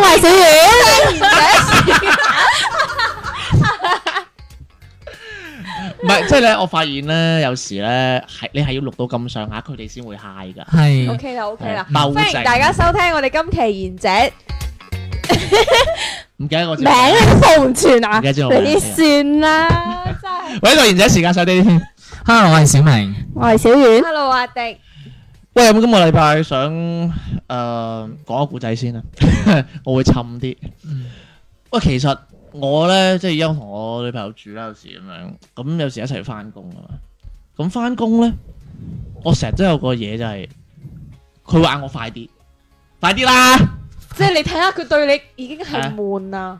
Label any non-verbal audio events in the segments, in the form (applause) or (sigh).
喂，小月，歡迎賢者。唔係，即係咧，我發現咧，有時咧係你係要錄到咁上下，佢哋先會 high 噶。係，OK 啦，OK 啦。歡迎大家收聽我哋今期賢者。唔記得我名啊，奉勸啊，你啲算啦。真係，喂，個賢者時間上啲先。Hello，我係小明，我係小月。Hello，阿迪。我、嗯、今個禮拜想誒講個故仔先啊， (laughs) 我會沉啲。喂，其實我咧即係因同我女朋友住啦，有時咁樣，咁有時一齊翻工啊嘛。咁翻工咧，我成日都有個嘢就係、是，佢話我快啲，快啲啦！即係你睇下，佢對你已經係悶啦，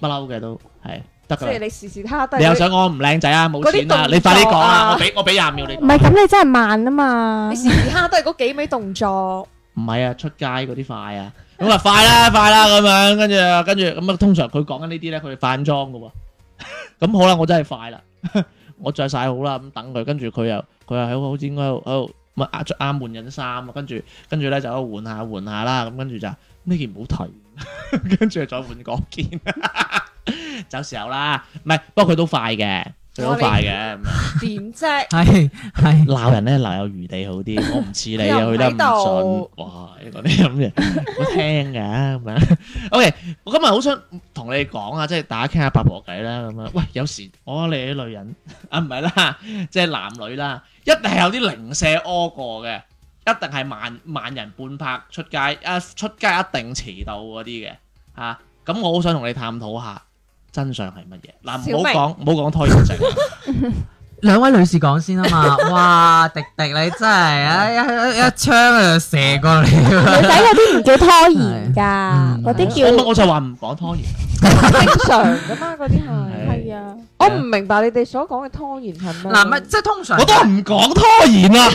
不嬲嘅都係。即係你時時刻都你又想我唔靚仔啊，冇錢啊！啊你快啲講啊，我俾我俾廿秒你、啊。唔係，咁你真係慢啊嘛！你時時刻都係嗰幾味動作。唔係啊，出街嗰啲快啊！咁啊，快啦， (laughs) 快啦咁 (laughs) 樣，跟住啊，跟住咁啊，通常佢講緊呢啲咧，佢哋化妝噶喎。咁、 (laughs) 嗯、好啦，我真係快啦， (laughs) 我着晒好啦，咁等佢，跟住佢又佢又喺好，好似應該喺度唔係啊，着啱換緊衫啊，跟住跟住咧就喺度換下換下啦，咁跟住就呢件唔好睇，跟住 (laughs) 再換嗰件。 (laughs) 走時候啦，唔係，不過佢都快嘅，佢都快嘅咁樣。點啫們？係係鬧人咧，鬧有餘地好啲，我唔似你啊， (laughs) 不在 去得唔準。邊哇！你講啲咁嘅，好 (laughs) 聽㗎咁樣。OK，我今日好想同你講啊，即係大家傾下八婆偈啦咁樣。喂，有時我哋啲女人啊，唔係啦，即係男女啦，一定係有啲零舍屙過嘅，一定係慢慢人半拍出街啊，出街一定遲到嗰啲嘅啊。咁我好想同你探討下。真相係乜嘢？嗱，唔好講，唔好講拖延症。兩位女士講先啊嘛！哇，迪迪你真係一一槍就射過嚟！女仔有啲唔叫拖延㗎，嗰啲叫……我我就話唔講拖延，正常㗎嘛，嗰啲係係啊！我唔明白你哋所講嘅拖延係咩？嗱，咪即係通常我都唔講拖延啊！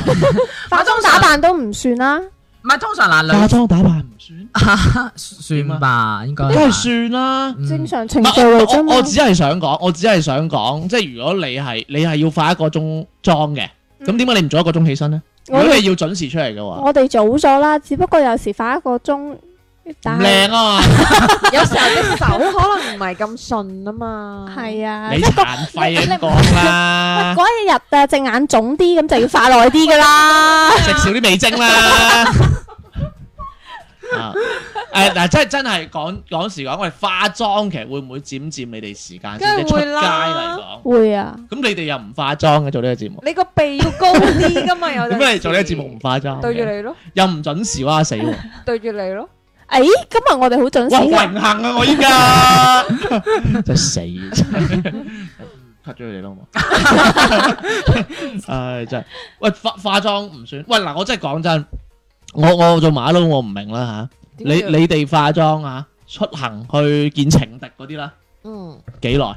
化妝打扮都唔算啦。唔係通常嗱，化妝打扮唔算， (laughs) 算吧，應該都係算啦。算，嗯、正常程度啫。我我只係想講，我只係想講，即係如果你係你係要化一個鐘妝嘅，咁點解你唔早一個鐘起身咧？嗯、如果你要準時出嚟嘅話，我哋早咗啦，只不過有時化一個鐘。靚啊嘛，有時候啲手可能唔係咁順啊嘛，係啊，你殘廢啊講啦，嗰一日啊隻眼腫啲，咁就要化耐啲噶啦，食少啲味精啦。誒嗱，真係真係講講時嘅話，我哋化妝其實會唔會佔佔你哋時間？即係你出街嚟講會啊，咁你哋又唔化妝嘅做呢個節目？你個鼻要高啲噶嘛，又點解做呢個節目唔化妝？對住你咯，又唔準時哇死，對住你咯。誒、欸，今日我哋好準時，我好榮幸啊！我依家真係死，拍咗佢哋咯嘛，係真係。喂，化化妝唔算。喂嗱，我真係講真，我我做馬騮我唔明啦吓、啊。你你哋化妝啊，出行去見情敵嗰啲啦，嗯，幾耐？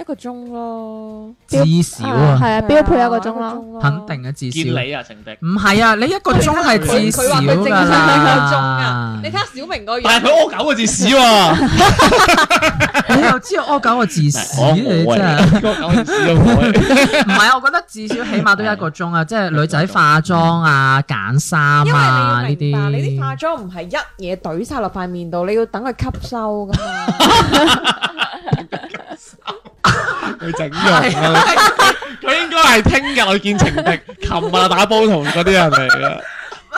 一個鐘咯，至少啊，係啊，標配一個鐘咯。肯定啊，至少。見你啊，程迪，唔係啊，你一個鐘係至少噶啦，你睇下小明嗰樣。但係佢屙九個字屎喎。你又知道屙九個字屎你真係。唔係啊，我覺得至少起碼都一個鐘啊，即係女仔化妝啊、揀衫啊呢啲。嗱，你啲化妝唔係一嘢懟晒落塊面度，你要等佢吸收噶嘛。去整容，佢應該係聽日去見情敵，琴日打波同嗰啲人嚟啊！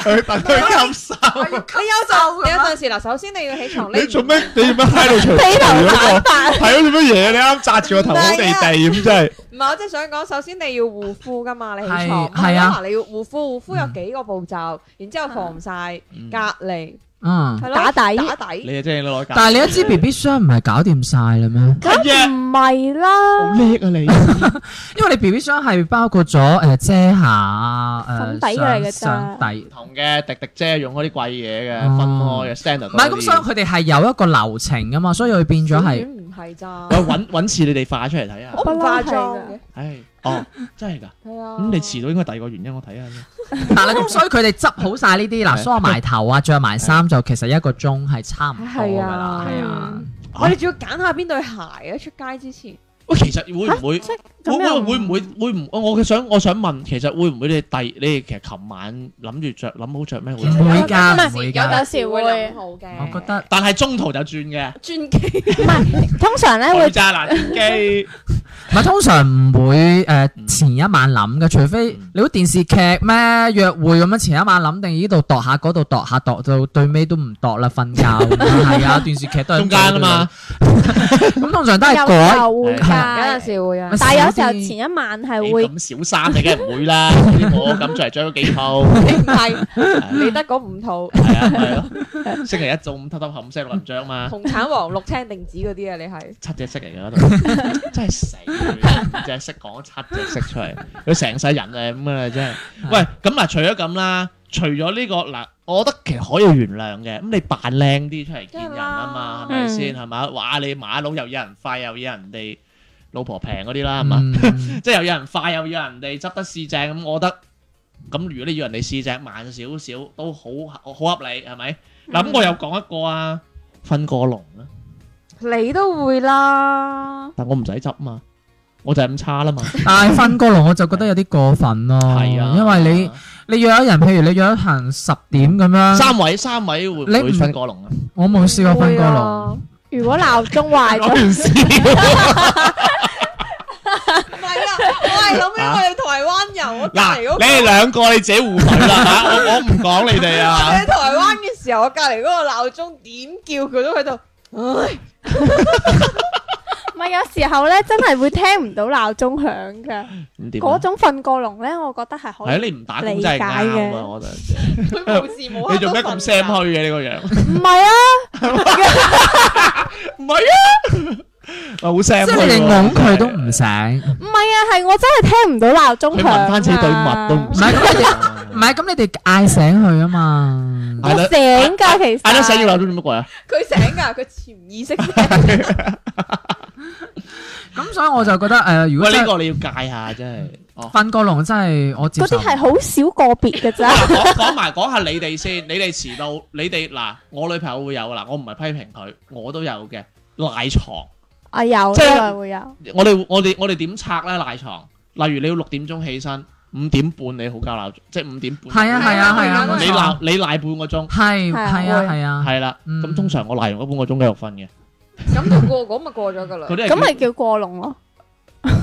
去等佢吸收。你有做？你有陣時嗱，首先你要起床。你做咩？你做咩？喺度除被頭打髮？係咯？做乜嘢？你啱紮住個頭好地地咁，真係。唔係，我真係想講，首先你要護膚噶嘛，你起床。係啊。你要護膚，護膚有幾個步驟，然之後防曬隔離。啊！嗯、了打底，打底，你啊真係攞假！但係你一支 BB 霜唔係搞掂晒啦咩？梗唔係啦，好叻啊你！因為你 BB 霜係包括咗誒遮瑕啊，粉底嘅底同嘅滴滴遮用嗰啲貴嘢嘅分開嘅。唔係咁，所以佢哋係有一個流程噶嘛，所以佢變咗係。唔係咋？搵 (laughs) 次你哋化出嚟睇下。我唔化妝嘅。哦，真係噶，咁的、嗯、你遲到應該第二個原因，我睇下先。嗱，咁所以佢哋執好晒呢啲，嗱的梳埋頭啊，着埋衫就其實一個鐘係差唔多噶啊，係啊，我哋仲要揀下邊對鞋啊出街之前。喂，其實會唔會會會唔會會唔我我嘅想我想問，其實會唔會你第你哋其實琴晚諗住著諗好著咩會唔會？唔會㗎，唔會㗎，有時會諗好嘅。我覺得，但係中途就轉嘅轉機唔係通常咧會㗎，嗱轉機唔係通常唔會誒，前一晚諗嘅，除非你睇電視劇咩約會咁樣，前一晚諗定呢度度下嗰度度下度到最尾都唔度啦，瞓覺係啊，電視劇都係中間啊嘛，咁通常都係改。有陣時會啊，但係有時候前一晚係會咁。小三你梗係唔會啦，我咁出嚟着咗幾套，你唔係，你得嗰五套，係啊，係咯，星期一早五偷偷冚五林蚊章嘛，紅橙黃綠青定紫嗰啲啊，你係七隻色嚟㗎，真係死，隻色講七隻色出嚟，佢成世人誒咁嘅真係。喂，咁嗱，除咗咁啦，除咗呢個嗱，我覺得其實可以原諒嘅，咁你扮靚啲出嚟見人啊嘛，係咪先係咪？話你馬佬又有人快，又有人哋。老婆平嗰啲啦，係嘛、嗯， (laughs) 即係又有人快，又要人哋執得四正咁，我覺得咁。如果你要人哋四正慢少少，都好好合理，係咪嗱？咁、嗯、我又講一個啊，瞓過籠啦，你都會啦，但我唔使執嘛，我就係咁差啦嘛。但係瞓過籠我就覺得有啲過分咯，係啊， (laughs) 啊因為你你約人，譬如你約行十點咁啦，三位三位會，會過你唔瞓過籠啊？我冇試過瞓過籠，如果鬧鐘壞咗。諗起我哋台灣人，啊，嗱，你哋兩個你自己互懟啦， (laughs) 我我唔講你哋啊。喺台灣嘅時候，我隔籬嗰個鬧鐘點叫佢都喺度。咪有時候咧，真係會聽唔到鬧鐘響嘅。嗰、嗯、種瞓過籠咧，我覺得係可以你唔打理解嘅、哎。我覺佢冇事冇，你做咩咁聲虛嘅呢個樣？唔係啊。唔係啊？冇聲，即係你哄佢都唔醒，唔係啊，係、啊的啊、我真係聽唔到鬧鐘響。啊、 (laughs) 你問翻對物都唔唔係咁，你哋嗌醒佢啊嘛。 (laughs) 我醒噶、啊，其實嗌得醒要鬧鐘做乜鬼啊？佢、啊、醒噶，佢潛、啊、意識咁 (laughs) (laughs) (laughs) 所以我就覺得誒、呃，如果呢、這個你要戒下真係瞓過龍真係、哦、我嗰啲係好少個別嘅。咋講埋講下你哋先，你哋遲到，你哋嗱我女朋友會有嗱，我唔係批評佢，我都有嘅賴床。啊，有即係會有，我哋我哋我哋點拆咧賴床例如你要六點鐘起身，五點半你好交鬧鐘，即係五點半係啊係啊係，你鬧你賴半個鐘，係係啊係啊，係啦。咁通常我賴完嗰半個鐘嘅繼續瞓嘅，咁就過嗰咪過咗噶啦。咁咪叫過籠咯，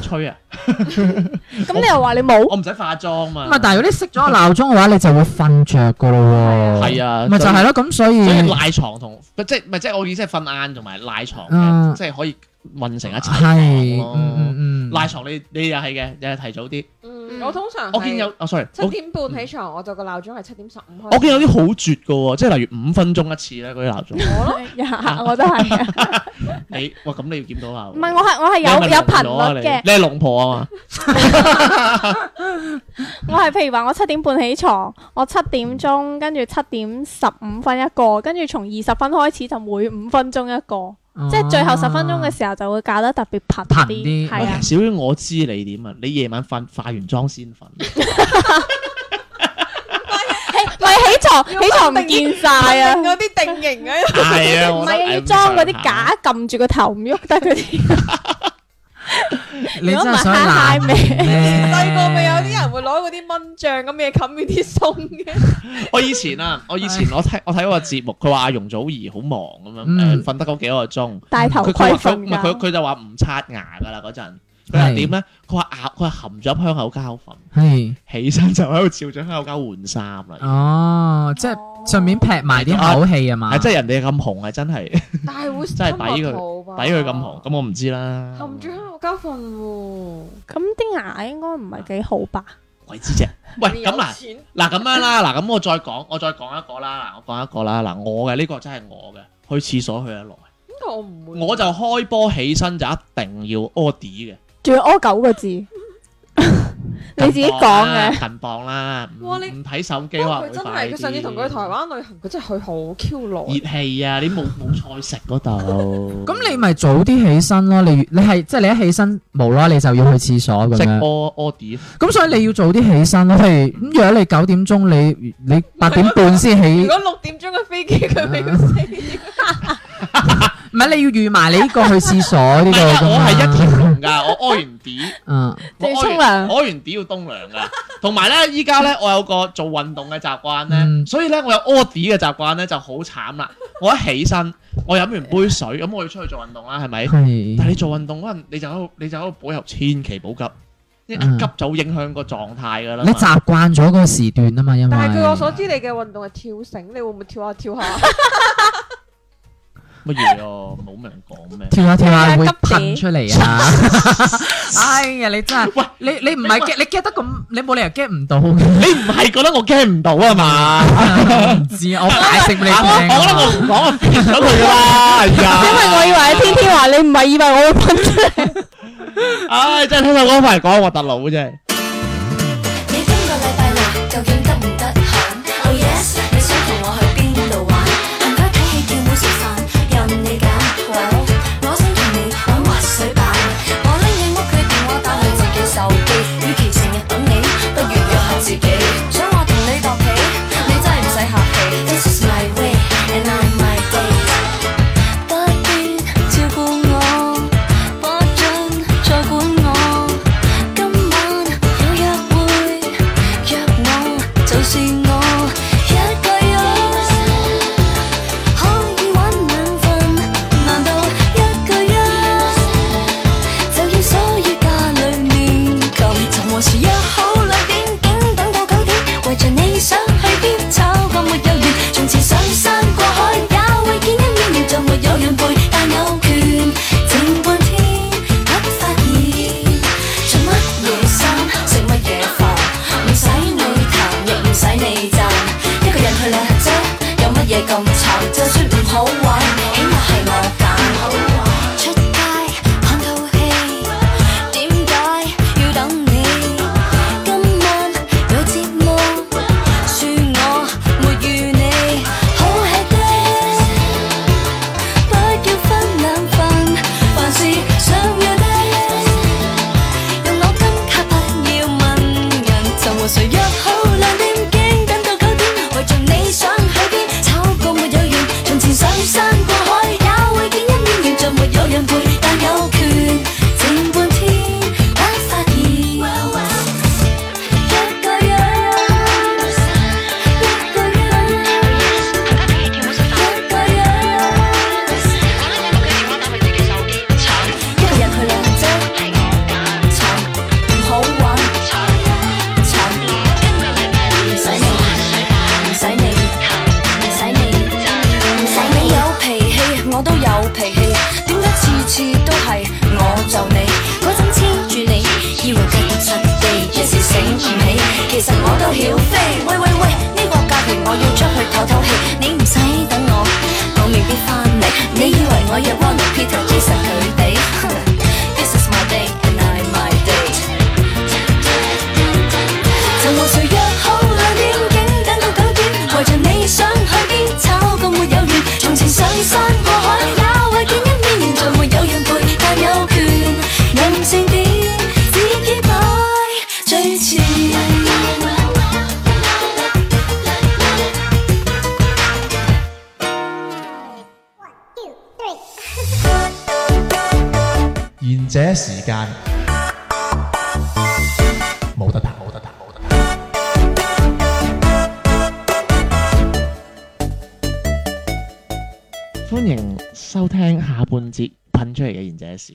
吹啊！咁你又話你冇？我唔使化妝嘛。咪但係如果你熄咗個鬧鐘嘅話，你就會瞓着噶咯喎。係啊，咪就係咯。咁所以賴床同即係咪即係我意思即係瞓晏同埋賴床，即係可以。匀成一次係，賴床你你又係嘅，又係提早啲。嗯，我通常我見有啊，sorry，七點半起床，我就個鬧鐘係七點十五開。我見有啲好絕嘅，即係例如五分鐘一次咧嗰啲鬧鐘。我呢，我都係。你哇，咁你要檢到下？唔係，我係我係有有頻率嘅。你係龍婆啊嘛？我係譬如話我七點半起床，我七點鐘跟住七點十五分一個，跟住從二十分開始就每五分鐘一個。即係最後十分鐘嘅時候就會搞得特別頻啲，係啊！少於我知你點啊！你夜晚瞓化完妝先瞓，唔係唔係起床起床，唔見晒啊！啲定型啊，係唔係要裝嗰啲假撳住個頭唔喐，得佢。知。你真係太舐？細個咪有啲 (laughs) 人會攞嗰啲蚊醬咁嘅，冚住啲餸嘅。我以前啊，我以前我睇我睇個節目，佢話阿容祖兒好忙咁樣，瞓、嗯呃、得嗰幾個鐘，大頭葵花佢佢就話唔刷牙噶啦嗰陣。佢話點咧？佢話牙佢係含咗香口膠瞓，起身就喺度照咗香口膠換衫啦。哦，即係順便劈埋啲口氣啊嘛。即係人哋咁紅，係真係，但係會真係抵佢抵佢咁紅，咁我唔知啦。含住香口膠瞓，咁啲牙應該唔係幾好吧？鬼知啫。喂，咁嗱嗱咁樣啦，嗱咁我再講，我再講一個啦。嗱，我講一個啦。嗱，我嘅呢個真係我嘅，去廁所去得耐。咁我唔會。我就開波起身就一定要屙地嘅。仲要屙九個字，你自己講嘅。捆綁啦，唔睇手機。佢真係，佢上次同佢去台灣旅行，佢真係去好 Q 耐。熱氣啊！你冇冇菜食嗰度？咁你咪早啲起身咯。你你係即係你一起身無啦，你就要去廁所咁樣。即屙屙啲。咁所以你要早啲起身咯。譬如咁，如果你九點鐘你你八點半先起。如果六點鐘嘅飛機佢俾佢四點。唔係你要預埋你呢個去廁所呢個咁啊。 (laughs) 啊、我屙完屎，我沖涼，我屙完屎要冬涼噶同埋咧，依家咧我有個做運動嘅習慣咧，嗯、所以咧我有屙屎嘅習慣咧就好慘啦。我一起身，我飲完杯水，咁，的我要出去做運動啦，係咪？的但係你做運動嗰陣，你就喺度，你就喺度補入千祈唔好急，你急就影響個狀態噶啦。你習慣咗個時段啊嘛，因為但係據我所知，你嘅運動係跳繩，你會唔會跳下跳下？ (laughs) 乜嘢哦？冇人講咩？跳下跳下會噴出嚟啊！哎呀，你真係喂你你唔係驚你驚得咁，你冇理由驚唔到。你唔係 (laughs) 覺得我驚唔到啊嘛？我唔知啊，我解釋俾你聽、啊、我覺得 (laughs) 我唔講啊 fit 咗佢噶啦，係啊。因為我以為你天天話你唔係以為我會噴出嚟。唉、 (laughs) 哎，真係聽到嗰份講核突佬真係。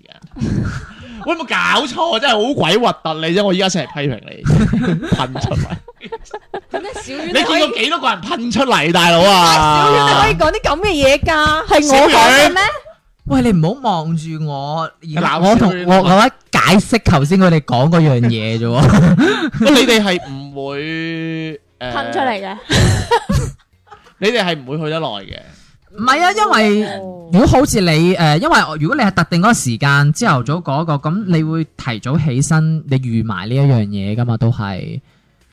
(laughs) 喂，有冇搞錯，真係好鬼核突你啫！ (laughs) 我依家成日批評你，噴出嚟。咁 (laughs) (laughs) 你小月，你見過幾多個人噴出嚟，大佬啊！ (laughs) 小月，你可以講啲咁嘅嘢噶？係我講嘅咩？月 (laughs) 喂，你唔好望住我，我 (laughs) 我而係我同我解釋頭先佢哋講嗰樣嘢啫。 (laughs) (laughs) 不，呃、 (laughs) (laughs) 你哋係唔會誒噴出嚟嘅。你哋係唔會去得耐嘅。唔係啊，因為如果好似你誒，因為如果你係特定嗰個時間朝頭早嗰個，咁你會提早起身，你預埋呢一樣嘢噶嘛，都係。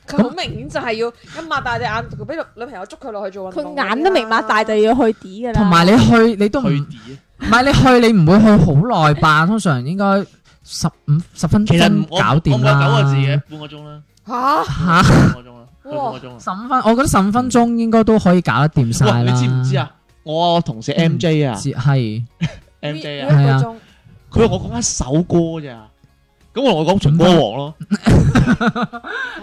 佢好明顯就係要一擘大隻眼，俾女朋友捉佢落去做運動。佢眼都擘大就要去 D 噶啦。同埋你去，你都去 D 啊？唔係你去，你唔會去好耐吧？通常應該十五十分鐘搞掂啦。唔係九個字嘅半個鐘啦。吓吓，半個鐘啊，半個鐘啊。十五分，我覺得十五分鐘應該都可以搞得掂晒啦。你知唔知啊？我啊，同事 M J 啊，係 M J 啊，係啊，佢話我講一首歌啫，咁我同佢講情歌王咯。佢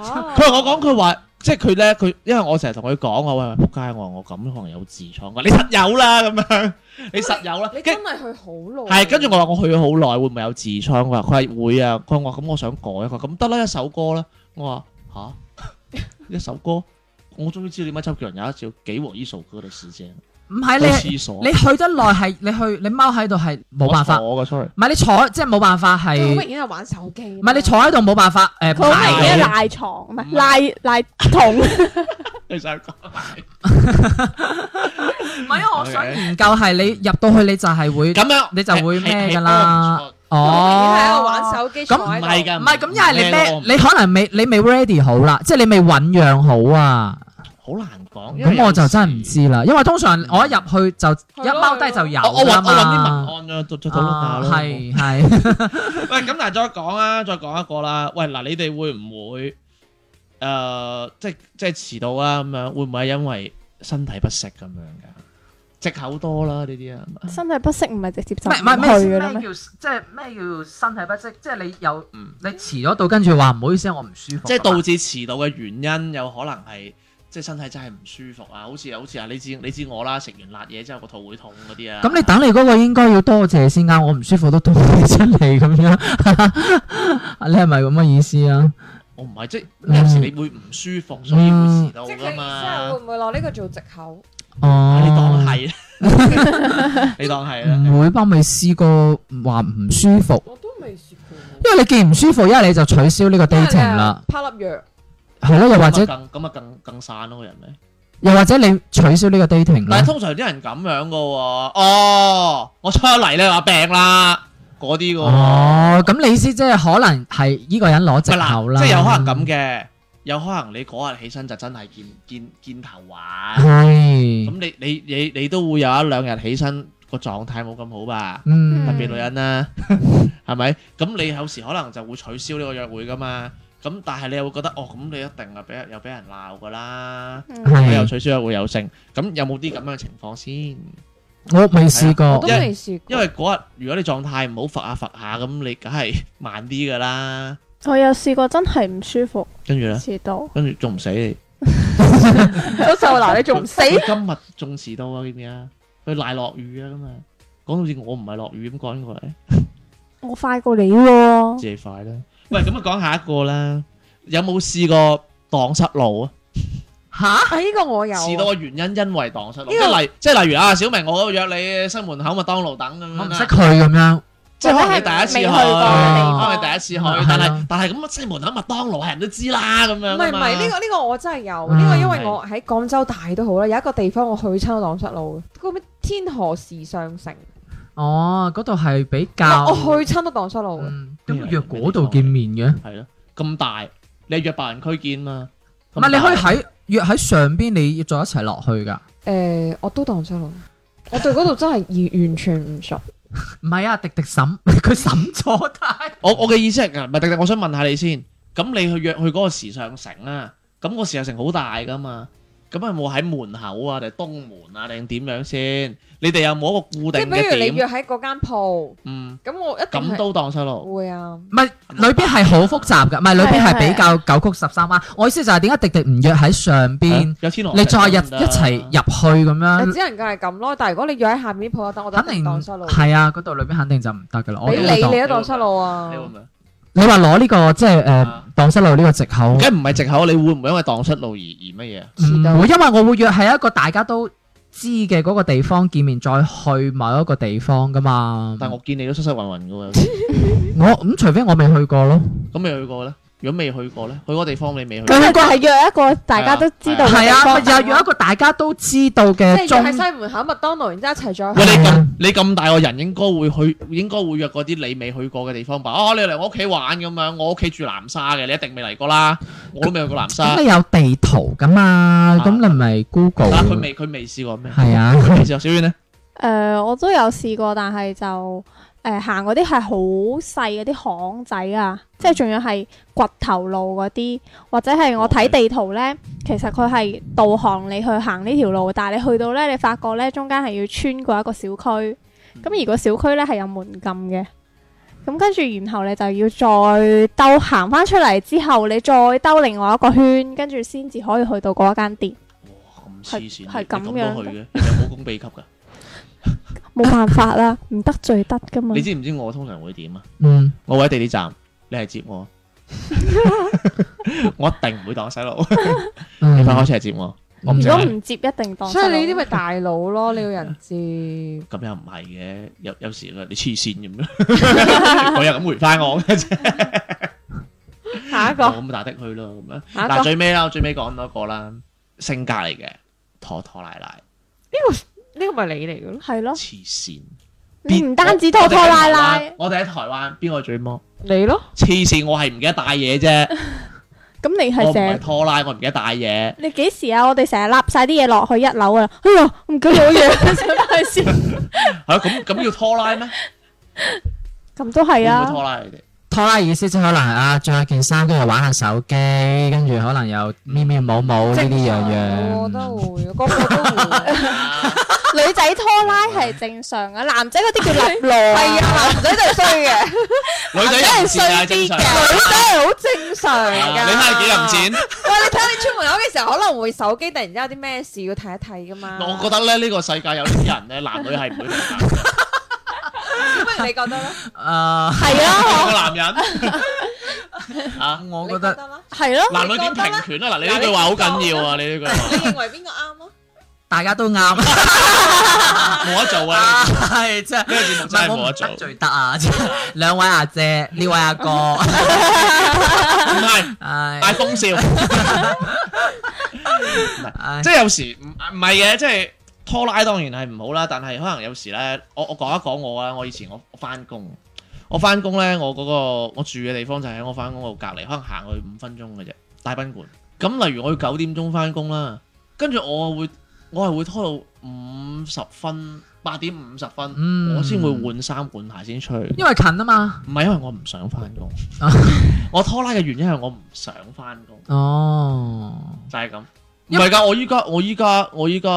話我講佢話，即係佢咧，佢因為我成日同佢講啊，喂喂，仆街，我話我咁可能有痔瘡噶，你實有啦咁樣，你實有啦。你真係去好耐，係跟住我話我去咗好耐會唔會有痔瘡？佢話佢係會啊，佢話我咁我想改，佢話咁得啦一首歌啦。我話吓一首歌，我終於知道點解周杰倫有，一隻叫給我一首歌的時間。唔係你廁所你去得耐，係你去你踎喺度係冇辦法，唔係你坐即係冇辦法，係明顯係玩手機。唔係你坐喺度冇辦法，誒好明顯係賴床，唔係賴賴痛。你想講？唔係，因為我想研究係你入到去你就係會咁樣，你就會咩噶啦？哦，明顯喺度玩手機。咁唔係，唔係咁，因為你咩？你可能未你未 ready 好啦，即係你未醞釀好啊。好難講，咁我就真係唔知啦。因為通常我一入去就一踎低就有。我我諗我諗啲文案再再討論下咯。係係，喂，咁但係，再講啦，再講一個啦。喂，嗱，你哋會唔會誒，即係即係遲到啊？咁樣會唔會係因為身體不適咁樣噶？借口多啦呢啲啊。身體不適唔係直接唔係唔係咩咩叫即係咩叫身體不適？即係你有嗯，你遲咗到跟住話唔好意思，我唔舒服。即係導致遲到嘅原因，有可能係。即係身體真係唔舒服啊！好似啊，好似啊，你知你知我啦，食完辣嘢之後，個肚會痛嗰啲啊。咁你等你嗰個應該要多謝先啱，我唔舒服都到 (laughs) 你出嚟咁樣。你係咪咁嘅意思啊？我唔係，即係有時你會唔舒服，嗯、所以會遲到㗎嘛。即係意思係會唔會攞呢個做藉口？哦、嗯啊，你當係， (laughs) (laughs) (laughs) 你當係啦。唔會，我未試過話唔舒服。我都未試過。因為你見唔舒服，因為你就取消呢個 dating 啦。拋粒藥。係咯，又或者咁咁啊，更更散咯個人咧。又或者你取消個呢個 dating 但係通常啲人咁樣噶喎、哦。哦，我出嚟你話病啦，嗰啲噶。哦，咁、哦、你意思即係可能係呢個人攞直頭啦。即係有可能咁嘅，有可能你嗰日起身就真係見見見頭暈。咁是你你你你都會有一兩日起身個狀態冇咁好吧？嗯，特別女人啦、啊，係咪？ (laughs) 咁你有時可能就會取消呢個約會噶嘛。咁但係你又會覺得哦，咁你一定啊，俾又俾人鬧噶啦，你又取消又會有剩，咁有冇啲咁樣嘅情況先？我未試過，都未試。因為嗰日如果你狀態唔好，罰下罰下，咁你梗係慢啲噶啦。我有試過，真係唔舒服。跟住咧，遲到。跟住仲唔死？嗱，你仲唔死？今日仲遲到啊？點啊？佢賴落雨啊？咁啊，講到好似我唔係落雨咁趕過嚟。我快過你喎。自己快啦。喂，咁啊，講下一個啦，有冇試過蕩失路啊？吓？呢個我有。遲到嘅原因因為蕩失路。呢個，即係例如啊，小明，我約你西門口麥當勞等咁樣。唔識佢咁樣。最好係第一次去。未去過嘅地方，第一次去。但係，但係咁啊，西門口麥當勞係人都知啦，咁樣。唔係唔係，呢個呢個我真係有，呢個因為我喺廣州大都好啦，有一個地方我去親都蕩失路嘅，嗰咩天河時尚城。哦，嗰度係比較。我去親都蕩失路嘅。點約嗰度見面嘅？係咯，咁大，你約白人區見嘛？唔係，你可以喺約喺上邊，你要再一齊落去噶。誒、呃，我都當真，我對嗰度真係完完全唔熟。唔係 (laughs) (laughs) 啊，迪迪審，佢審錯啦！我我嘅意思係啊，唔係迪迪，我想問下你先。咁你去約去嗰個時尚城啊？咁個時尚城好大噶嘛？咁係冇喺門口啊，定東門啊，定點樣先？你哋有冇一個固定嘅點？即係比如你約喺嗰間鋪，嗯，咁我一定咁都蕩失路。會啊，唔係裏邊係好複雜㗎，唔係裏邊係比較九曲十三彎。我意思就係點解滴滴唔約喺上邊？有千龍，你再入一齊入去咁樣，只能夠係咁咯。但係如果你約喺下面啲鋪就得，我肯定蕩失路。係啊，嗰度裏邊肯定就唔得㗎喇。俾你你都蕩失路啊。你話攞呢個即係誒蕩失路呢個藉口，梗唔係藉口，你會唔會因為蕩失路而而乜嘢？唔會，因為我會約喺一個大家都知嘅嗰個地方見面，再去某一個地方噶嘛。但係我見你都濕濕暈暈噶喎， (laughs) 我咁、嗯、除非我未去過咯，咁未去過啦。如果未去過咧，去個地方你未去過，咁咪係約一個大家都知道嘅地方。係啊，啊啊我又約一個大家都知道嘅。即喺西門口麥當勞，然之後一齊咗。喂、啊，你咁你咁大個人，應該會去，應該會約嗰啲你未去過嘅地方吧？哦、啊，你嚟我屋企玩咁樣，我屋企住南沙嘅，你一定未嚟過啦。我都未去過南沙。咁、啊、有地圖噶嘛？咁你咪 Google。啊，佢未佢未試過咩？係啊，佢未試過。小淵咧？誒、呃，我都有試過，但係就。誒行嗰啲係好細嗰啲巷仔啊，即係仲要係掘頭路嗰啲，或者係我睇地圖呢，哎、其實佢係導航你去行呢條路，但係你去到呢，你發覺呢，中間係要穿過一個小區，咁、嗯、而個小區呢係有門禁嘅，咁跟住然後你就要再兜行翻出嚟之後，你再兜另外一個圈，跟住先至可以去到嗰間店。哇！咁黐線。係、係咁樣去嘅，你咁都去嘅，有冇功必級㗎？冇辦法啦，唔得罪得㗎嘛。你知唔知我通常會點啊？嗯，我喺地鐵站，你係接我，我一定唔會當細路，你快開車嚟接我。如果唔接，一定當。所以你呢啲咪大佬咯，你要人字。咁又唔係嘅，有有時你黐線咁樣，我又咁回翻我嘅啫。下一個，我咁打的去咯，咁啊。下一個最尾啦，我最尾講多個啦，性格嚟嘅，妥妥賴賴。呢個。呢個咪你嚟嘅咯，係咯，黐線了！你唔單止拖拖拉拉，我哋喺台灣邊個最魔？你咯，黐線！我係唔記得帶嘢啫。咁 (laughs) 你係成日拖拉，我唔記得帶嘢。你幾時啊？我哋成日揦晒啲嘢落去一樓啊！哎呀，唔記得攞嘢，想買笑。嚇咁咁要拖拉咩？咁都係啊！會會拖拉你哋。拖拉意思即係可能係啊著一件衫，跟住玩下手機，跟住可能又咪咪毛毛呢啲樣樣。我都會，個個都會。女仔拖拉係正常啊，男仔嗰啲叫立路。係啊，男仔就衰嘅，女仔係衰啲嘅，女仔係好正常㗎。你睇幾人錢？喂！你睇下你出門口嘅時候，可能會手機突然之間有啲咩事要睇一睇㗎嘛。我覺得咧，呢個世界有啲人咧，男女係唔會平等。不如你覺得咧？誒，係咯，個男人啊，我覺得係咯，男女點平權啊？嗱，你呢句話好緊要啊！你呢句話，你認為邊個啱咯？大家都啱，冇得做啊！係真係呢個節目真係冇得做，最得啊！兩位阿姐，呢位阿哥，唔係，係大風笑，即係有時唔唔係嘅，即係。拖拉當然係唔好啦，但係可能有時呢。我我講一講我啊，我以前我我翻工，我翻工呢，我嗰個我住嘅地方就喺我翻工嗰度隔離，可能行去五分鐘嘅啫，大賓館。咁例如我要九點鐘翻工啦，跟住我會我係會拖到五十分八點五十分，分嗯、我先會換衫換鞋先出去。因為近啊嘛，唔係因為我唔想翻工， (laughs) 我拖拉嘅原因係我唔想翻工。哦，就係咁。唔係㗎，我依家我依家我依家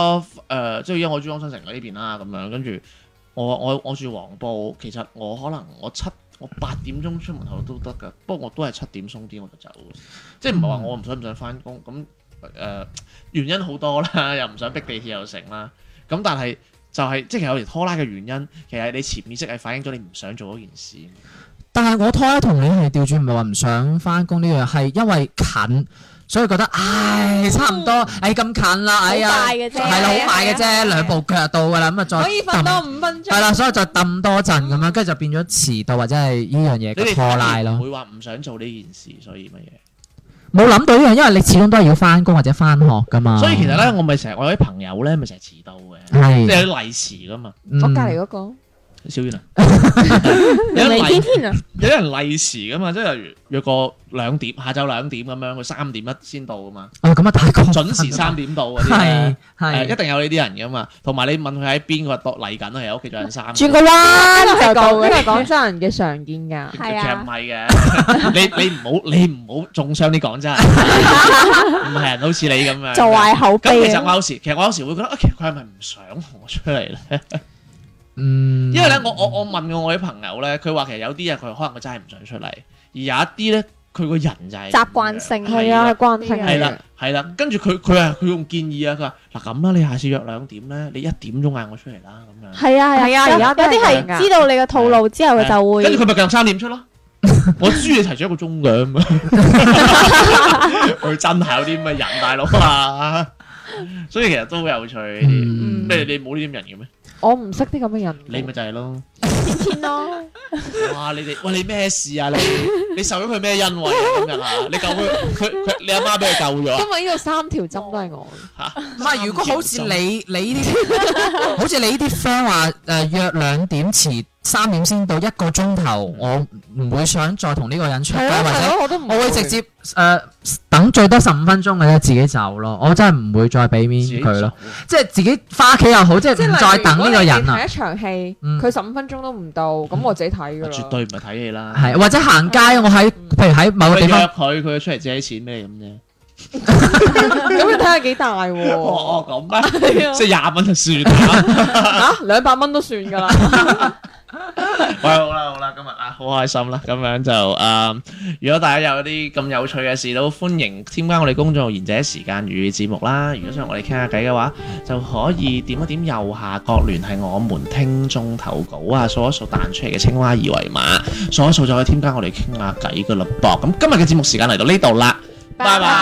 誒，即係依家我珠江新城呢邊啦，咁樣跟住我我我住黃埔，其實我可能我七我八點鐘出門口都得㗎，不過我都係七點鬆啲我就走，即係唔係話我唔想唔想翻工咁誒，原因好多啦，又唔想逼地鐵又成啦，咁但係就係、是，即係有時拖拉嘅原因，其實你潛意識係反映咗你唔想做嗰件事。但係我拖拉同你係調轉，唔係話唔想翻工呢樣，係因為近。所以覺得唉差唔多，唉咁近啦，哎呀，係啦好快嘅啫，兩步腳到噶啦，咁啊再，可以瞓多五分鐘，係啦，所以再揼多陣咁樣，跟住就變咗遲到或者係呢樣嘢拖賴咯。唔會話唔想做呢件事，所以乜嘢？冇諗到依樣，因為你始終都係要返工或者返學噶嘛。所以其實咧，我咪成日我啲朋友咧咪成日遲到嘅，即係例遲噶嘛。我隔離嗰個。少咗啦， (laughs) 有啲人利禮天啊有，有人利時噶嘛，即係約個兩點，下晝兩點咁樣，佢三點一先到噶嘛。哦，咁、嗯、啊、嗯，太準時三點到啲，係係、呃，一定有呢啲人噶嘛。同埋你問佢喺邊，佢話度嚟緊喺屋企着緊衫。轉個彎就係講，呢係廣州人嘅常見噶。係啊，其實唔係嘅，你你唔好你唔好中傷啲廣州人。唔係， (laughs) 好似你咁啊，就壞口碑。其實我有時，其實我有時會覺得，其實佢係咪唔想同我出嚟咧？ (laughs) 嗯，因為咧，我我我問過我啲朋友咧，佢話其實有啲嘢，佢可能佢真係唔想出嚟，而有一啲咧，佢個人就係習慣性係啊，習慣係啦，係啦。跟住佢佢話佢用建議啊，佢話嗱咁啦，你下次約兩點咧，你一點鐘嗌我出嚟啦，咁樣係啊係啊。而家有啲係知道你嘅套路之後，佢就會跟住佢咪約三點出咯。我輸你提早一個鐘噶，佢 (laughs) 真係有啲咩人大佬啊，所以其實都好有趣。嗯、你你冇呢啲人嘅咩？我唔識啲咁嘅人，你咪就係咯，天天咯。哇！你哋喂，你咩事啊？你你受咗佢咩恩惠啊？今日啊，你救佢佢你阿媽俾佢救咗，啊。因為呢個三條針都係我吓。唔係，如果好似你你呢啲， (laughs) 好似你呢啲 friend 話誒約兩點遲三點先到一個鐘頭， (laughs) 我唔會想再同呢個人出街。係咯，係我都唔會，會直接誒，呃、等最多十五分鐘嘅咧，自己走咯。我真係唔會再俾面佢，啊，咯，即係自己翻屋企又好，即係唔再等呢個人啊。一場戲佢十五分鐘都唔到，咁，嗯我自己睇噶咯，絕對唔係睇戲啦。係或者行街，我喺譬如喺某個地方，約佢佢出嚟借啲錢咩咁啫。咁你睇下幾大喎？哦哦，咁啊，即係廿蚊就算吓，兩百蚊都算噶啦。喂，好啦好啦，今日啊，好開心啦，咁樣就誒，如果大家有啲咁有趣嘅事，都歡迎添加我哋公眾號賢者時間粵語節目啦。如果想我哋傾下偈嘅話，就可以點一點右下角聯繫我們聽眾投稿啊，掃一掃彈出嚟嘅青蛙二維碼，掃一掃就可以添加我哋傾下偈噶啦噃。咁今日嘅節目時間嚟到呢度啦，拜拜。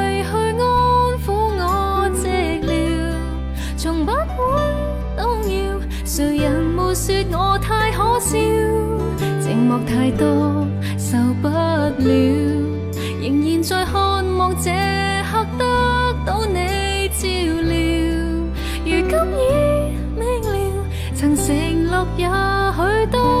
誰人沒說我太可笑？寂寞太多受不了，仍然在渴望這刻得到你照料。如今已明了，曾承諾也許多。